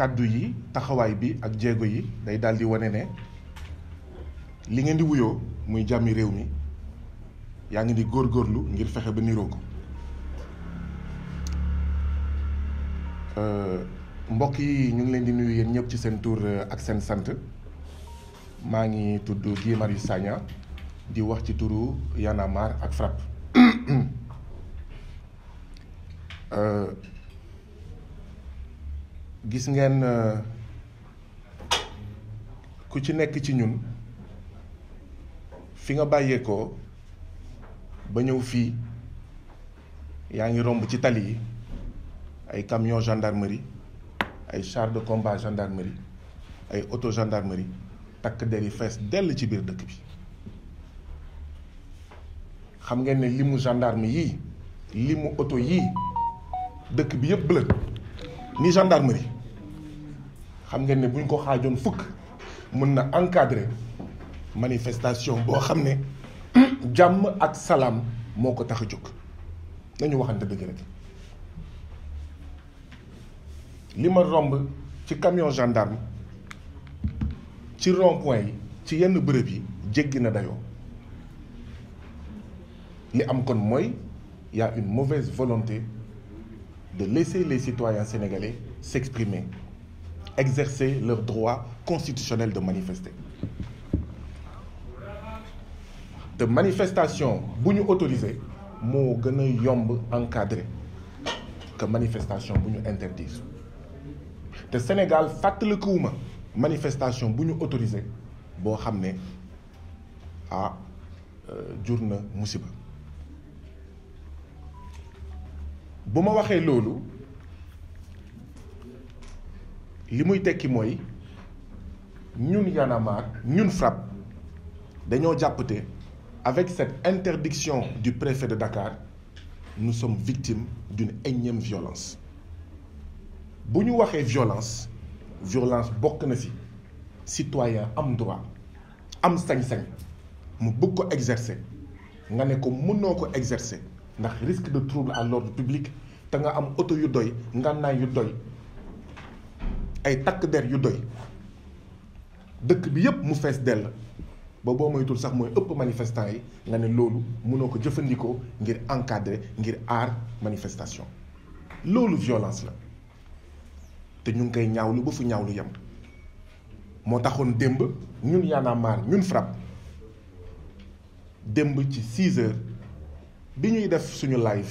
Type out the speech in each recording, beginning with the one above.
kàddu yi taxawaay bi ak jéego yi day daal di wane ne li ngeen di wuyoo muy jàmmi réew mi yaa ngi di góorlu ngir fexe ba niroo ko euh, mbokk yi ñu ngi leen di nuyu yéen ñëpp ci seen tur ak seen sant maa ngi tudd Guy Marius Sagna di wax ci turu Y'en ak FRAPP euh, gis ngeen euh, ku ci nekk ci ñun fi nga bàyyeekoo ba ñëw fii yaa ngi romb ci tali yi ay camion gendarmerie ay char de combat gendarmerie ay auto gendarmerie takk der yi fees dell ci biir dëkk bi xam ngeen ni limu gendarme yii limu auto yii dëkk bi yëpp bleu ni gendarmerie xam ngeen ne buñ ko xaajoon fukk mën na encadrer manifestation boo xam ne jàmm ak salaam moo ko tax a jóg nañu waxante dëgg rek li ma romb ci camion gendarme ci rond yi ci yenn bërëb yi jéggi na dayoo li am kon mooy y a une mauvaise volonté de laisser les citoyens sénégalais s'exprimer exercer leur droit constitutionnel de manifester te manifestation bu ñu autorisé moo gën a yomb encadré que manifestation bu ñu interdire te Sénégal fàttalikuwuma manifestation bu ñu autorisé boo xam ne ah euh, jur na musiba bu ma waxee loolu li muy tekki mooy ñun Y'en a ñun FRAPP dañoo jàppate avec cette interdiction du préfet de Dakar nous sommes victimes d'une énième violence bu ñu waxee violence violence bokk na ci citoyen am droit am sañ-sañ mu bëgg ko exercer nga ne ko mënoo ko exercer ndax risque de trouble à l'ordre publique te nga am oto yu doy ngànnaay yu doy ay takk der yu doy dëkk bi yépp mu fees dell ba boo moytul sax mooy ëpp manifestant yi nga ne loolu mënoo ko jëfandikoo ngir encadrer ngir aar manifestation loolu violence la te ñu ngi koy ñaawlu ba fu lu yem moo taxoon démb ñun yaanaa maan ñun FRAPP démb ci 6 heures bi ñuy def suñu live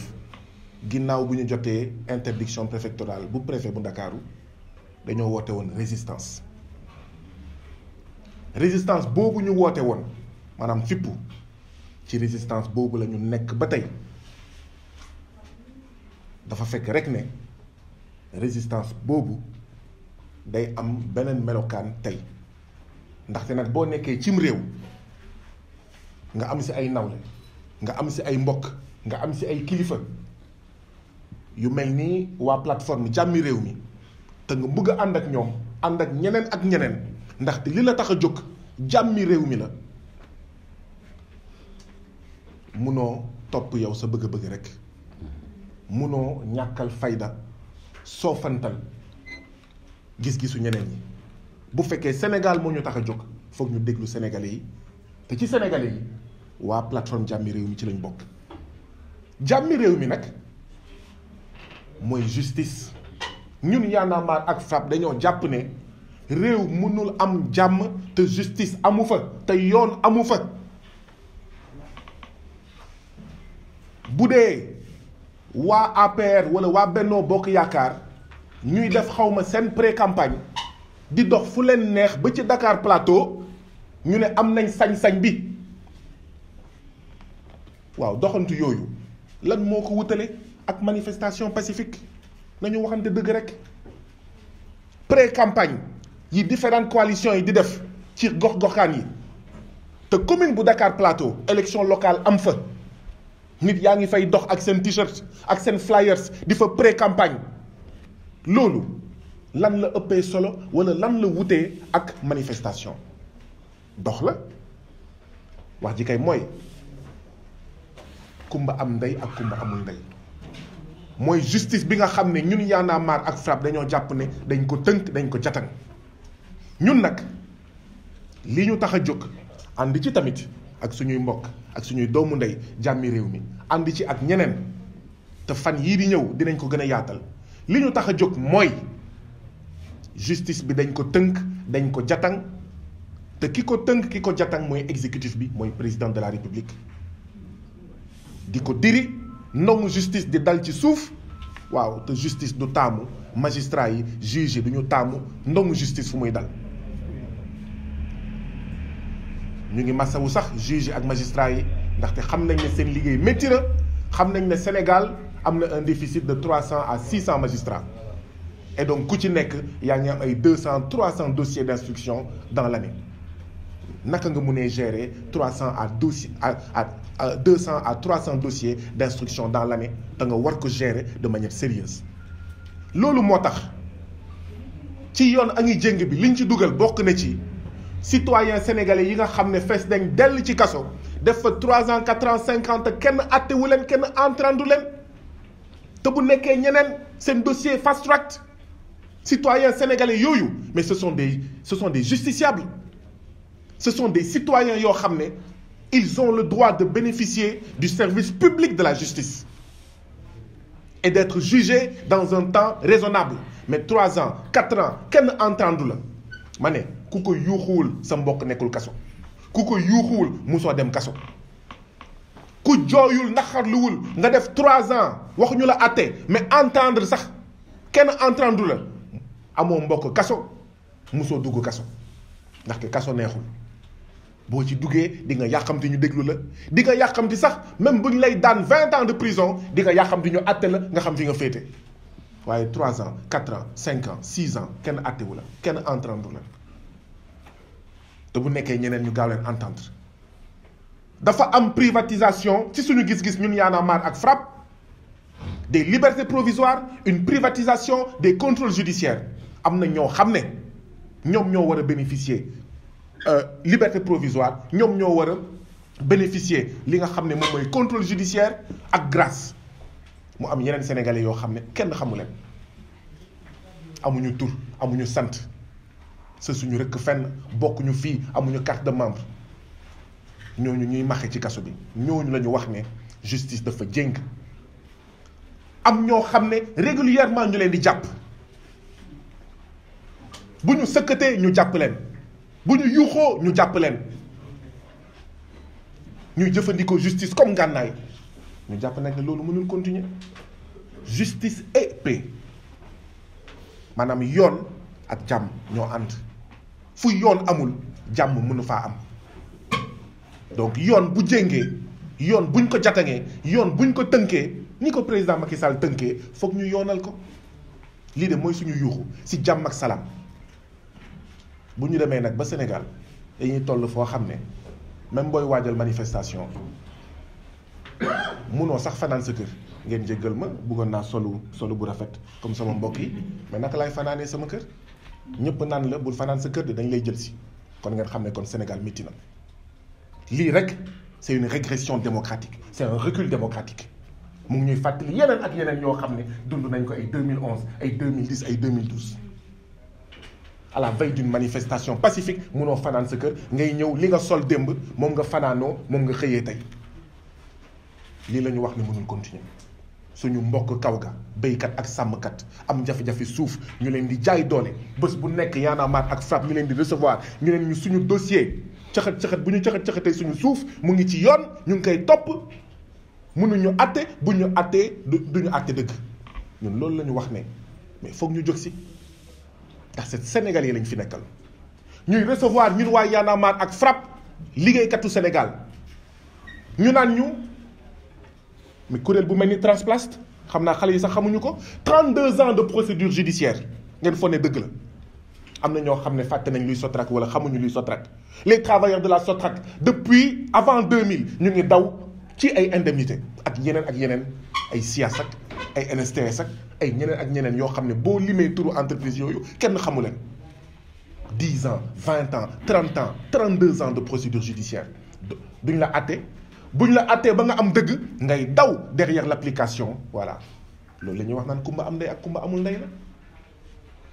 ginnaaw bu ñu jotee interdiction préfectorale bu préfet bu Ndakaaru dañoo woote woon résistance résistance boobu ñu woote woon maanaam fippu ci résistance boobu la ñu nekk ba tey dafa fekk rek ne résistance boobu day am beneen melokaan tey ndaxte nag boo nekkee cim réew nga am si ay nawle nga am si ay mbokk nga am si ay kilifa yu mel ni waa plateforme jàmmi réew mi te nga bëgg ànd ak ñoom ànd ak ñeneen ak ñeneen ndaxte li la tax a jóg jàmmi réew mi la munoo topp yow sa bëgg-bëgg rek munoo ñàkkal fayda soo fantal gis-gisu ñeneen ñi bu fekkee senegal moo ñu tax a jóg foog ñu déglu Sénégalais yi te ci Sénégalais yi waa plateforme jàmmi réew mi ci lañ bokk jàmmi réew mi nag mooy justice ñun Y'en a ak FRAPP dañoo jàpp ne réew mënul am jàmm te justice amu fa te yoon amu fa bu dee waa APR wala waa Bennoo Bokk Yaakaar ñuy def xawma seen pré-campagne di dox fu leen neex ba ci Dakar Plateau ñu ne am nañ sañ-sañ bi waaw doxantu yooyu lan moo ko wutale ak manifestation pacifique nañu waxante dëgg rek pré campagne yi différentes coalitions yi di def ci gox-goxaan yi te commune bu Dakar Plateau élection locale am fa nit yaa ngi fay dox ak seen t-shirt ak seen flyers di fa pré campagne loolu lan la ëppee solo wala lan la wutee ak manifestation dox la wax ji kay mooy kumba am ndey ak kumba amul ndey mooy justice bi nga xam ne ñun Y'en a ak FRAPP dañoo jàpp ne dañ ko tënk dañ ko jatan ñun nag li ñu tax a jóg ànd ci tamit ak suñuy mbokk ak suñuy doomu ndey jàmmi réew mi ànd ci ak ñeneen te fan yii di ñëw dinañ ko gën a yaatal li ñu tax a jóg mooy justice bi dañ ko tënk dañ ko jatan te ki ko tënk ki ko jatan mooy exécutif bi mooy président de la république di ko diri nangu justice di dal ci suuf waaw te justice du taamu magistrat yi juge yi du ñu taamu nangu justice fu muy dal ñu ngi masawu sax juge ak magistrat yi ndaxte xam nañ ne seen liggéey métti na xam nañ ne Sénégal am na un de trois cent à six cent magistrats et donc ku ci nekk yaa ngi am ay deux cent trois cent dossiers d'instruction dans l'année naka nga mënee gérer trois cent à dossier à deux cent à trois cent dossiers d' instruction dans l' année da nga war ko gérer de manière sérieuse loolu moo tax ci yoon a ngi jéng bi liñ ci dugal bokk na ci citoyen sénégalais yi nga xam ne fees dañ dell ci kaso def fa trois ans quatre ans cinquante kenn attewu leen kenn entrandu leen te bu nekkee ñeneen seen dossier fast track citoyen sénégalais yooyu mais ce sont des ce sont des ce sont des citoyens yoo xam ne ils ont le droit de bénéficier du service public de la justice et d'être jugés dans un temps raisonnable mais trois ans quatre ans kenn entendre la ma ne ku ko yuuxuwul sa mbokk nekkul kaso ku ko yuuxuwul musoo dem kaso ku jooyul naxarluwul nga def trois ans waxuñu ñu la àtte mais entendre sax kenn entendre la amoo mbokk kaso musoo dugg kaso ndaxte kaso neexul boo ci duggee di nga yàqamti ñu déglu la di nga yàqamti sax même bu ñu lay daan vingt ans de prison di nga yàqamti ñu àtte la nga xam fi nga féete waaye trois ans quatre ans cinq ans six ans kenn àttewu la kenn entendre la te bu nekkee ñeneen ñu gaaw leen entendre dafa am privatisation ci suñu gis-gis ñun Y'en a marre ak FRAPP des libertés provisoires une privatisation des contrôles judiciaires am na ñoo xam ne ñoom ñoo war a bénéficier Euh, liberté provisoire ñoom ñoo wara a bénéficier li nga xam ne moom mooy contrôle judiciaire ak grâce mu am yeneen sénégalais yoo xam ne kenn xamu leen amuñu tur amuñu sant sa suñu rëkk fenn bokkuñu fii amuñu carte de membre ñooñu ñuy maxe ci kaso bi ñooñu la ñu wax ne justice dafa jéng am ñoo xam ne régulièrement ñu leen di jàpp bu ñu sëkkatee ñu jàpp leen. bu ñu yuuxoo ñu jàpp leen ñuy jëfandikoo justice comme gànnaay ñu jàpp nag ne loolu mënul continuer justice et paix maanaam yoon ak jàmm ñoo ànd fu yoon amul jàmm mënu faa am donc yoon bu jéngee yoon buñ ko jatangee yoon buñ ko tënkee ni ko président Macky Sall tënkee foog ñu yoonal ko lii de mooy suñu yuuxu si jàmm ak salaam bu ñu demee nag ba Sénégal dañuy toll foo xam ne même booy waajal manifestation munoo sax fanaan sa kër ngeen jéggal ma buggoon naa solu solu bu rafet comme sama mbokk yi mais naka laay fanaanee sama kër ñëpp naan la bul fanaan sa kër de dañ lay jël si kon ngeen xam ne kon Sénégal métti na lii rek c'est une régression démocratique c'est un recul démocratique mu ngi ñuy fàttali yeneen ak yeneen ñoo xam ne dund nañ ko ay 2011 ay 2010 ay 2012. à la veille manifestation pacifique munoo fanaan sa kër ngay ñëw li nga sol démb moom nga fanaanoo moom nga xëyee tey lii la ñu wax ni mënul continuer suñu mbokk kaw ga béykat ak sàmmkat am jafe-jafe suuf ñu leen di jaay doole bés bu nekk Y'en ak FRAPP ñu leen di recevoir ñu leen ñu suñu dossier caxat caxat bu ñu caxat caxatee suñu suuf mu ngi ci yoon ñu ngi koy topp mënuñu atte bu ñu attee du duñu atte dëgg ñun loolu la wax ne mais foog ñu jóg si. ndax sénégal yi lañu fi nekkal ñuy recevoir ñun waa Y'en a marre ak FRAPP liggéeykatu Sénégal ñu naan ñu mais kuréel bu mel ni Transplast xam naa xale yi sax xamuñu ko 32 ans de procédure judiciaire ngeen foog ne dëgg la am na ñoo xam ne fàtte nañ luy Sotrac wala xamuñu luy Sotrac les travailleurs de la Sotrac depuis avant 2000 ñu ngi daw ci ay indemnité ak yeneen ak yeneen ay siyaas ak ay NSTS ak ay ñeneen ak ñeneen yoo xam ne boo limee turu entreprise yooyu kenn xamu leen dix ans vingt ans trente ans trente deux ans de procédure judiciaire duñ la àtte ñu la àttee ba nga am dëgg ngay daw derrière l'application voilà loolu la ñuy wax naan kumba am ndey ak kumba amul ndey la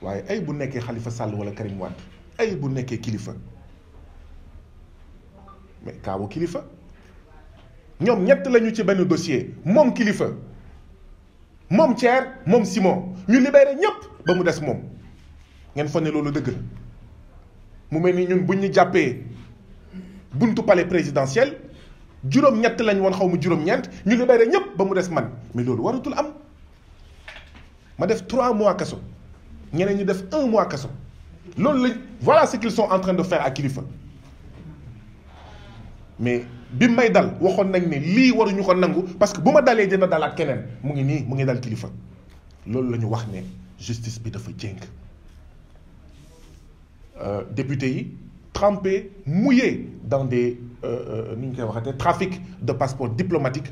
waaye ay bu nekkee xalifa Sall wala Karim Wade ay bu nekkee kilifa mais kaawu kilifa ñoom ñett lañu ci benn dossier moom kilifa. moom Thier moom Simon ñu libéré ñëpp ba mu des moom ngeen foog ne loolu dëgg la mu mel ni ñun buñ ñu jàppee buntu palais présidentiel juróom-ñett lañ woon xaw ma juróom-ñeent ñu libéré ñëpp ba mu des man mais loolu waratul am ma def trois mois kaso ñeneen ñu def un mois kaso loolu lañ voilà ce qu'ils sont en train de faire ak kilifa mais bi may dal waxoon nag ne lii waruñu ko nangu parce que bu ma dalee dina dalaat keneen mu ngi nii mu ngi dal kilifa loolu la ñu wax ne justice bi dafa jéng euh, député yi trempé mouillé dans des euh, euh, nu ñu koy waxatee trafic de passeport diplomatique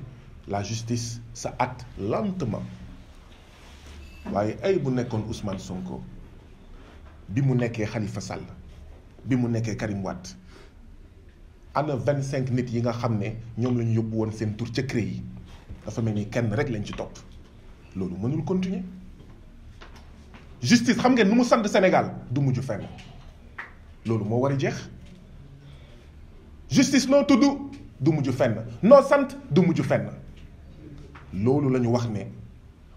la justice sa hâte lentement waaye ay bu nekkoon Ousmane Sonko bi mu nekkee Khalifa Sall bi mu nekkee Karim ana vingt cinq nit yi nga xam ne ñoom la ñu yóbbu woon seen tur ca CREI yi dafa mel ni kenn rek lañ ci topp loolu mënul continuer justice xam ngeen nu mu sant Sénégal du mujj fenn loolu moo war a jeex justice noo tudd du mujj fen noo sant du mujj fenn loolu la ñu wax ne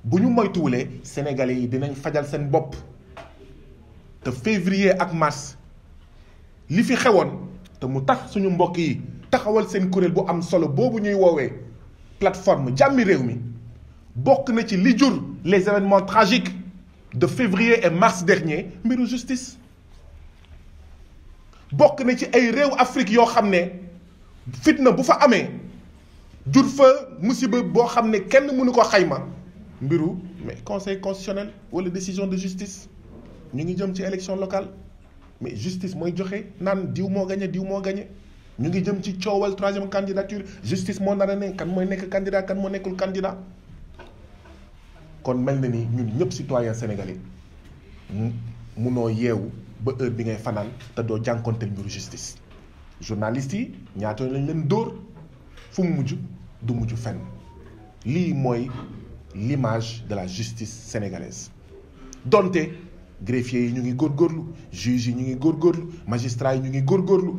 bu ñu moytuwulee sénégalais yi dinañ fajal seen bopp te février ak mars li fi xewoon. te mu tax suñu mbokk yi taxawal seen kuréel bu am solo boobu ñuy woowee plateforme jàmmi réew mi bokk na ci li jur les événements tragiques de février et mars dernier mbiru justice bokk na ci ay réew Afrique yoo xam ne fitna bu fa amee jur fa musiba boo xam ne kenn mënu ko xayma mbiru mais conseil constitutionnel wala décision de justice ñu ngi jëm ci élection locale mais justice mooy joxe naan diw moo gañe diw moo gañe ñu ngi jëm ci coowal troisième candidature justice moo nar a ne kan mooy nekk candidat kan moo nekkul candidat kon mel na ni ñun ñëpp citoyen sénégalais munoo yeewu ba heure bi ngay fanaan te doo jànkonteel mbiru justice journaliste yi ñaata lañ leen dóor fu mu mujj du mujj fenn lii mooy l'image de la justice sénégalaise donte greffier yi ñu ngi góor góorlu juge yi ñu ngi góor góorgóorlu magistrat yi ñu ngi góorgóorlu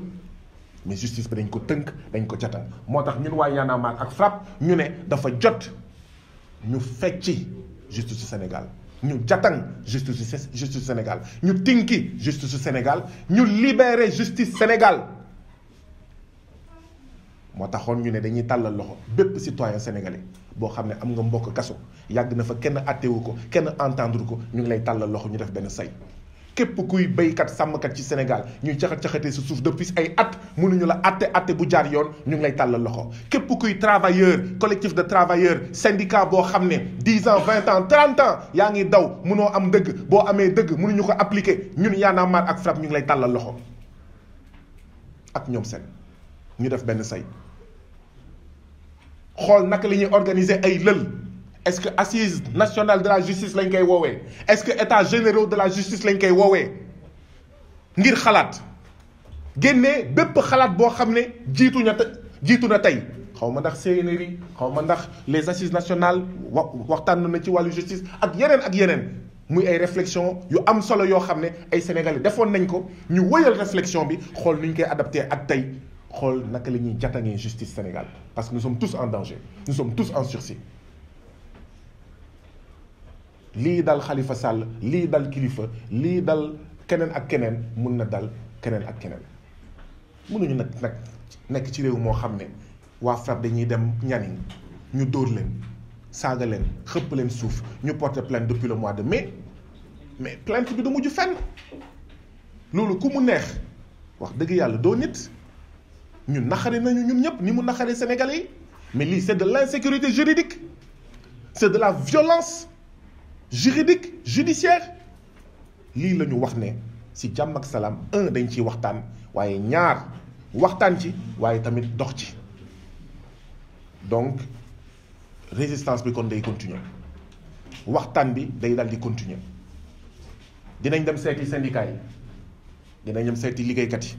mais justice bi dañ ko tënk dañ ko catal moo tax ñun waa Y'en a marre ak FRAPP ñu ne dafa jot ñu fecci justice Sénégal ñu jatan justice justice Sénégal ñu tinki justice Sénégal ñu libérer justice Sénégal moo taxoon ñu ne dañuy tàllal loxo bépp citoyen sénégalais boo xam ne am nga mbokk kaso yàgg na fa kenn attewu ko kenn entendre ko ñu ngi lay tàllal loxo ñu def benn say képp kuy béykat sàmmkat ci Sénégal ñuy caxat-caxatee si suuf de depuis ay at mënuñu la atte atte bu jaar yoon ñu ngi lay tàllal loxo képp kuy travailleur collectif de travailleurs syndicat boo xam ne dix ans vingt ans trente ans yaa ngi daw mënoo am dëgg boo amee dëgg mënuñu ko appliquer ñun Y'en a marre ak FRAPP ñu ngi lay tàllal loxo ak ñoom seen ñu def benn say xool naka la ñuy organiser ay lël est-ce que assise nationale de la justice lañ koy woowee est-ce que état généraux de la justice lañ koy woowee ngir xalaat génne bépp xalaat boo xam ne jiitu na jiitu na tey xaw ma ndax CNRI xaw ma ndax les assises nationales wa waxtaan na ci wàllu justice ak yeneen ak yeneen muy ay réflexion yu am solo yoo xam ne ay sénégalais defoon nañ ko ñu wëyal réflexion bi xool nu ñu koy adapté ak tey xool naka la ñuy jatangee justice Sénégal parce que nous sommes en danger nous tous en sursis lii dal xalifa sàll lii dal kilifa lii dal keneen ak keneen mun na dal keneen ak keneen mënuñu nag nag nekk ci réew moo xam ne waa FRAPP dañuy dem ñaniñ ñu dóor leen saaga leen xëpp leen suuf ñu porter plainte depuis le mois de mais mais plainte bi du mujj fenn loolu ku mu neex wax dëgg yàlla doo nit ñun naxari nañu ñun ñëpp ni mu naxari Sénégalais yi mais lii c'est de l'insécurité juridique c'est de la violence juridique judiciaire lii la ñu wax ne si jàmm ak salaam un dañ ciy waxtaan waaye ñaar waxtaan ci waaye tamit dox ci donc résistance bi kon day continuer waxtaan bi day daal di continuer dinañ dem seeti syndicat yi dinañ dem seeti liggéeykat yi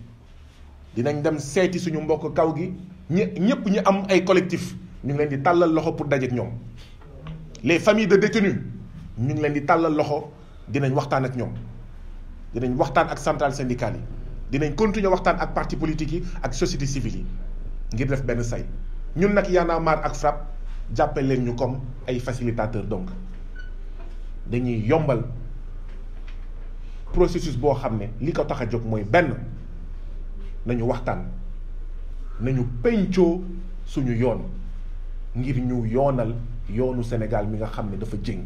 dinañ dem seeti suñu mbokk kaw gi ñi ñépp ñu am ay collectif ñu ngi leen di tàllal loxo pour dajeek ñoom les familles de détenus ñu ngi leen di tàllal loxo dinañ waxtaan ak ñoom dinañ waxtaan ak centrale syndicale yi dinañ continuer waxtaan ak parti politique yi ak société civile yi ngir def benn say ñun nag Y'en a ak FRAPP jàppale leen ñu comme ay facilitateur donc dañuy yombal processus boo xam ne li ko tax a jóg mooy benn nañu waxtaan nañu pencoo suñu yoon ngir ñu yoonal yoonu Sénégal mi nga xam ne dafa jéng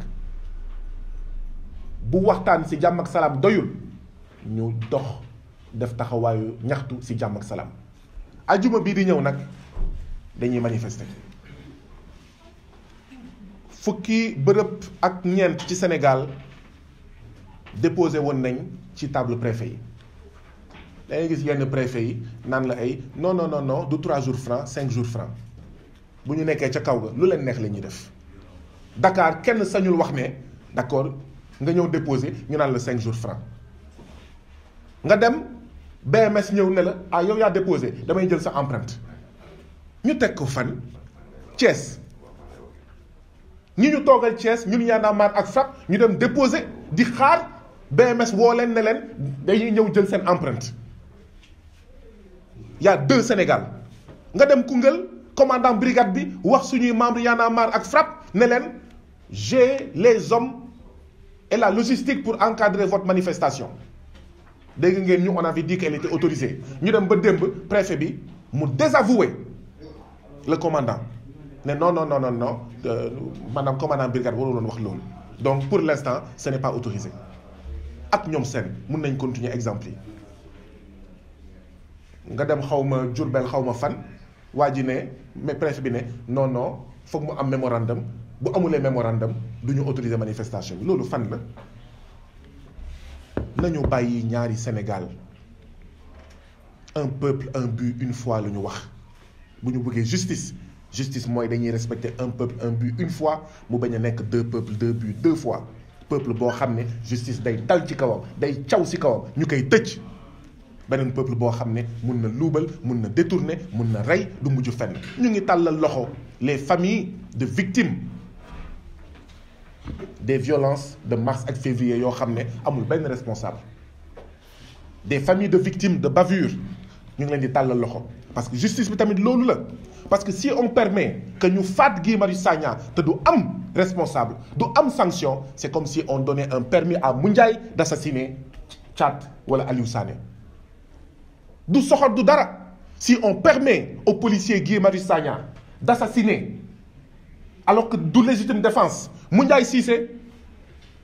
bu waxtaan si jàmm ak salaam doyul ñu dox def taxawaayu ñaxtu ci jàmm ak salaam ajuma bii di ñëw nag dañuy manifeste fukki bërëb ak ñeent ci Sénégal déposé woon nañ ci table préfet yi da gis yenn préfet yi naan la ay non non non non du trois jours franc cinq jours franc bu ñu nekkee ca kaw ga lu leen neex lañuy def dakaar kenn sañul wax ne d'accord nga ñëw déposé ñu naan la cinq jours franc nga dem BMS ñëw ne la ah yow yaa déposé damay jël sa empreinte ñu teg ko fan Thiès ñu ñu toogal Thiès ñun yaa naa ak FRAPP ñu dem déposé di xaar BMS woo leen ne leen dañuy ñëw jël seen empreinte y a Sénégal nga dem Koungheul commandant brigade bi wax suñuy membre Y en a ak FRAPP ne leen j'ai les hommes et la logistique pour encadrer votre manifestation dégg ngeen ñu on avait dit qu'elle était autorisée ñu dem ba démb préfet bi mu désavoué le commandant ne non non non non non euh, maanaam commandant brigade warul woon wax loolu donc pour l'instant ce n'est pas autorisé ak ñoom seen mun nañ continuer exemple yi nga dem xaw ma Diourbel xaw ma fan waa ji ne mais préfet bi ne non non foog mu am mémorandum bu amulee mémorandum du ñu autoriser manifestation bi loolu fan la nañu bàyyi ñaari Sénégal un peuple un bu une fois lu ñu wax bu ñu buggee justice justice mooy dañuy respecter un peuple un bu une fois mu bañ a nekk deux peuples deux buts deux fois peuple boo xam ne justice day dal ci kawam day caw si kawam ñu koy tëj beneen peuple boo xam ne mun na luubal mun na détourner mun na rey du mujj fenn ñu ngi tàllal loxo les familles de victimes des violences de mars ak février yoo xam ne amul benn responsable des familles de victimes de bavure ñu ngi leen di tàllal loxo parce que justice bi tamit loolu la parce que si on permet que ñu faat Guy Marius Sagna te du am responsable du am sanction c'est comme si on donnait un permis à mu Moundiaye d'assassiner Tchad wala Aliou Sané du soxor du dara si on permet au policier Guy Marius Sagna d'assassiner alors que du légitime défense mu Moundiaye Cissé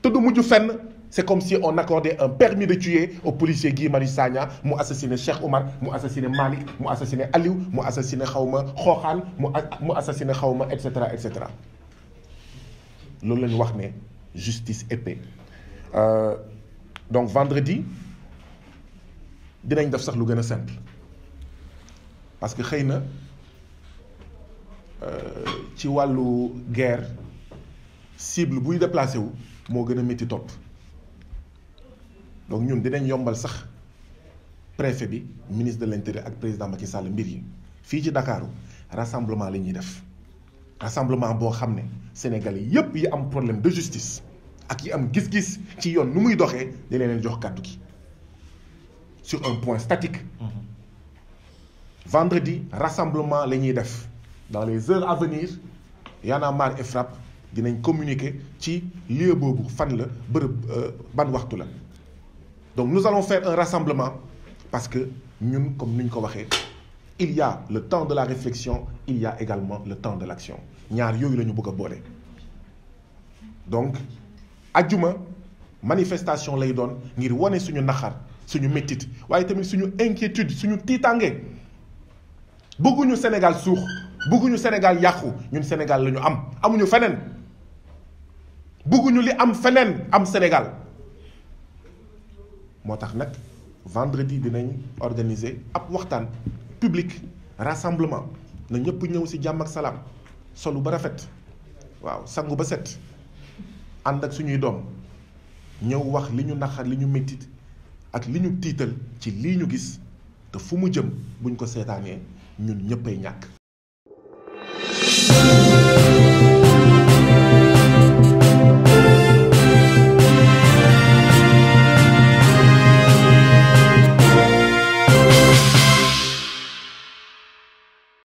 tudd mujj fenn c'est comme si on accordait un permis de tuer au policier Guy Marius Sagna mu assassiné Cheikh Oumar mu assassiné Malick mu assassiné Aliou mu assassiné xawma Xooxaan mu mu assassiné xawma et cetera et cetera loolu la wax ne justice épée euh, donc vendredi dinañ def sax lu gën a simple parce que xëy na euh, ci wàllu guerre cible buy déplacé wu moo gën a métti topp donc ñun dinañ yombal sax préfet bi ministre de l'intérieur ak président Macky Sall mbir yi fii ci ndakaaru rassemblement la ñuy def rassemblement boo xam ne Sénégalais yépp yi am problème de justice ak yi am gis-gis ci yoon nu muy doxee di leen jox kàddu gi sur un point statique mm-hmm. vendredi rassemblement la ñuy def dans les heures à venir Y en dinañ communiquer ci lieu boobu fan la bërëb euh, ban waxtu la donc nous allons faire un rassemblement parce que ñun comme ni ñu ko waxee il y le temps de la réflexion il y également le temps de l'action ñaar yooyu la ñu bëgg a boole donc ajjuma manifestation lay doon ngir wane suñu naxar suñu méttit waaye tamit suñu inquiétude suñu tiitaange bëgguñu Sénégal suux bëgguñu Sénégal yàqu ñun Sénégal la ñu am amuñu feneen bëgguñu li am feneen am Sénégal moo tax nag vendredi dinañ organiser ab waxtaan public rassemblement na ñëpp ñëw ci jàmm ak salaam solu ba rafet waaw sangu ba set ànd ak suñuy doom ñëw wax li ñu naqar li ñu mettit ak li ñu tiital ci lii ñu gis te fu mu jëm buñ ko seetaanee ñun ñëppay ñàkk.